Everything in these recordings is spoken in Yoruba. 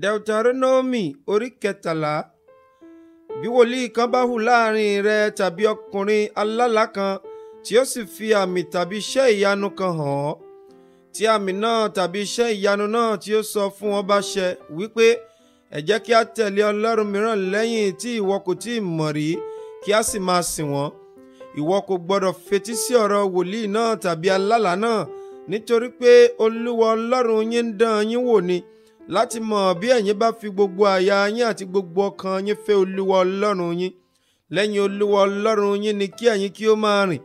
deuteronomy orí kẹtàlá bí wòlíì kan bá hù láàrin rẹ tàbí ọkùnrin alálàá kan tí ó sì fi àmì tàbí iṣẹ́ ìyanu kan hàn ọ́ tí àmì náà tàbí iṣẹ́ ìyanu náà tí ó sọ fún ọ bá ṣẹ wípé ẹ jẹ́ kí a tẹ̀lé ọlọ́run mìíràn lẹ́yìn tí ìwọ kò tí ì mọ̀ rí kí a sì máa sìn wọ́n ìwọ kò gbọ́dọ̀ fetí sí ọ̀rọ̀ wòlíì náà tàbí alálàá náà nítorí pé olúwa ọlọ́run yín ń dán yín wò ni láti mọ̀ bí ẹ̀yin bá fi gbogbo àyà yín àti gbogbo ọkàn yín fẹ́ olúwa ọlọ́run yín lẹ́yìn olúwa ọlọ́run yín ni kí ẹ̀yin kí ó máa rìn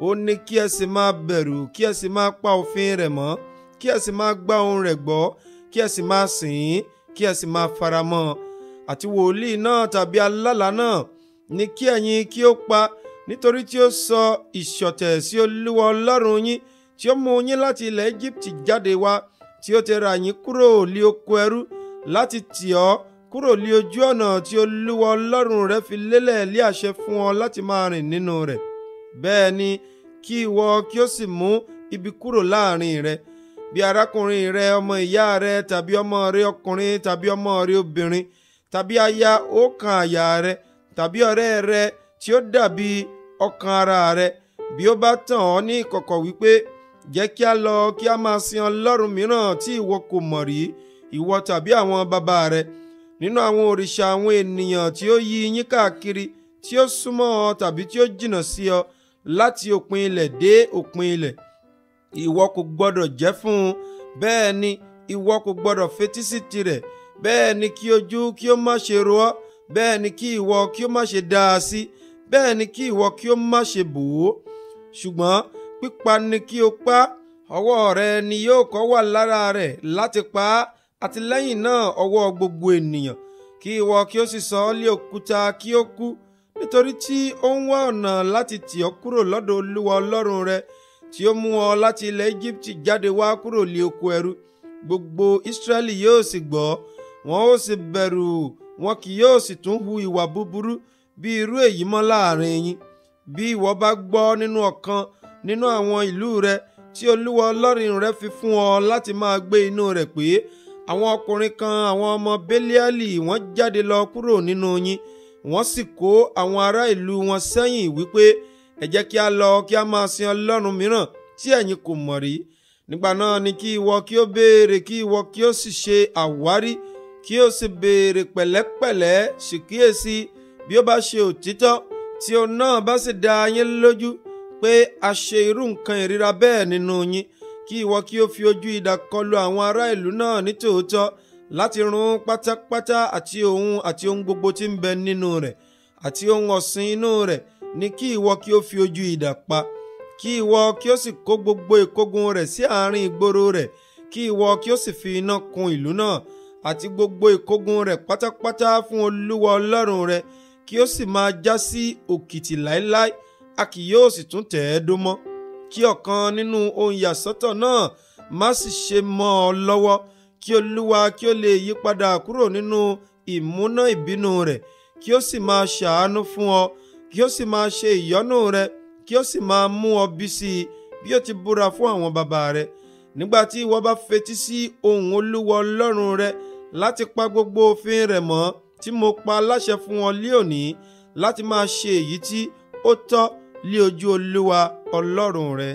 ó ní kí ẹ sì máa bẹ̀rù kí ẹ sì máa pa òfin rẹ̀ mọ́ kí ẹ sì máa gbá ohùn rẹ̀ gbọ́ kí ẹ sì máa sìn kí ẹ sì máa faramọ́ àti wòlíì náà tàbí alálàá náà ni kí ẹ̀yin kí ó pa nítorí tí ó sọ ìṣọ̀tẹ̀ sí olúwa ọlọ́run yín tí ó mú yín láti ilẹ̀ Íjíbítì jáde wá tí ó ti rà yín kúrò lí oko ẹrú láti tì ọ́ kúrò lí ojú ọ̀nà tí olúwa ọlọ́run rẹ fi lélẹ̀ lé àṣẹ fún ọ láti máa rìn nínú rẹ̀ bẹ́ẹ̀ ni kí ìwọ kí ó sì mú ibi kúrò láàrin rẹ bí arákùnrin rẹ ọmọ ìyá rẹ tàbí ọmọ rẹ ọkùnrin tàbí ọmọ rẹ obìnrin tàbí aya ọ̀kan àyà rẹ tàbí ọ̀rẹ́ rẹ tí ó dàbí ọkàn ara rẹ bí ó bá tàn ọ́ ní ìkọ̀kọ̀ wípé jẹ́ kí a lọ kí a máa sin ọlọ́run mìíràn tí ìwọ kò mọ̀ rí ìwọ tàbí àwọn bàbá rẹ nínú àwọn òrìṣà àwọn ènìyàn tí ó yí yín káàkiri tí ó súnmọ́ ọ tàbí tí ó jìnnà sí ọ láti òpin ilẹ̀ dé òpin ilẹ̀ ìwọ kò gbọ́dọ̀ jẹ́ fún un bẹ́ẹ̀ ni ìwọ kò gbọ́dọ̀ fetí sí tirẹ̀ bẹ́ẹ̀ ni kí ojú kí ó má ṣe ro ọ́ bẹ́ẹ̀ ni kí ìwọ kí ó má ṣe dá a sí bẹ́ẹ̀ ni kí ìwọ kí ó má ṣe bò ó ṣùgbọ́n pípa ni kí o pa ọwọ́ rẹ ni yóò kọ́ wà lára rẹ̀ láti pa á àti lẹ́yìn náà ọwọ́ gbogbo ènìyàn kí ìwọ kí o sì sọ ọ́ lé òkúta kí ó kú nítorí tí ó ń wá ọ̀nà láti tì ọ́ kúrò lọ́dọ̀ olúwa ọlọ́run rẹ tí ó mú ọ láti ilẹ̀ Íjíbítì jáde wá kúrò lé oko ẹrú gbogbo Ísírẹ́lì yóò sì gbọ́ wọn ó sì bẹ̀rù wọn kì yóò sì tún hu ìwà búburú bí irú èyí mọ́ láàrin yín bí ìwọ bá gbọ́ nínú ọkàn nínú àwọn ìlú rẹ tí olúwa ọlọ́run rẹ fi fún ọ láti máa gbé inú rẹ̀ pé àwọn ọkùnrin kan àwọn ọmọ bẹ́líálì wọ́n jáde lọ kúrò nínú yín wọ́n sì kó àwọn ará ìlú wọn sẹ́yìn wípé ẹ jẹ́ kí a lọ kí a máa sin ọlọ́run mìíràn tí ẹ̀yin kò mọ̀ rí nígbà náà ni kí ìwọ kí ó béèrè kí ìwọ kí ó sì ṣe àwárí kí ó sì béèrè pẹ̀lẹ́pẹ̀lẹ́ ṣìkíyèsí bí ó bá ṣe òtítọ́ tí òun náà bá sì dá yín lójú pé a ṣe irú nǹkan ìríra bẹ́ẹ̀ nínú yín kí ìwọ kí ó fi ojú idà kọlu àwọn ará ìlú náà ní tòótọ́ láti run pátápátá àti òun àti ohun gbogbo tí ń bẹ nínú rẹ̀ àti ohun ọ̀sìn inú rẹ̀ ni kí ìwọ kí ó fi ojú idà pa kí ìwọ kí ó sì kó gbogbo ìkógun rẹ̀ sí àárín ìgboro rẹ̀ kí ìwọ kí ó sì fi iná kun ìlú náà àti gbogbo ìkógun rẹ̀ pátápátá fún olúwa ọlọ́run rẹ̀ kí ó sì máa já sí òkìtì láéláé a kì yóò sì tún tẹ̀ ẹ́ dó mọ́ kí ọ̀kan nínú ohun ìyàsọ́tọ̀ náà má sì ṣe mọ́ ọ lọ́wọ́ kí olúwa kí ó lè yí padà kúrò nínú ìmúná ìbínú rẹ̀ kí ó sì máa ṣàánú fún ọ kí ó sì máa ṣe ìyọ́nú rẹ̀ kí ó sì máa mú ọ bí sí i bí ó ti búra fún àwọn bàbá rẹ̀ nígbà tí ìwọ bá fetí sí ohùn olúwa ọlọ́run rẹ̀ láti pa gbogbo òfin rẹ̀ mọ́ tí mo pa láṣẹ fún ọ lé òní láti máa ṣe èyí tí ó tọ́ lé ojú Olúwa Ọlọ́run rẹ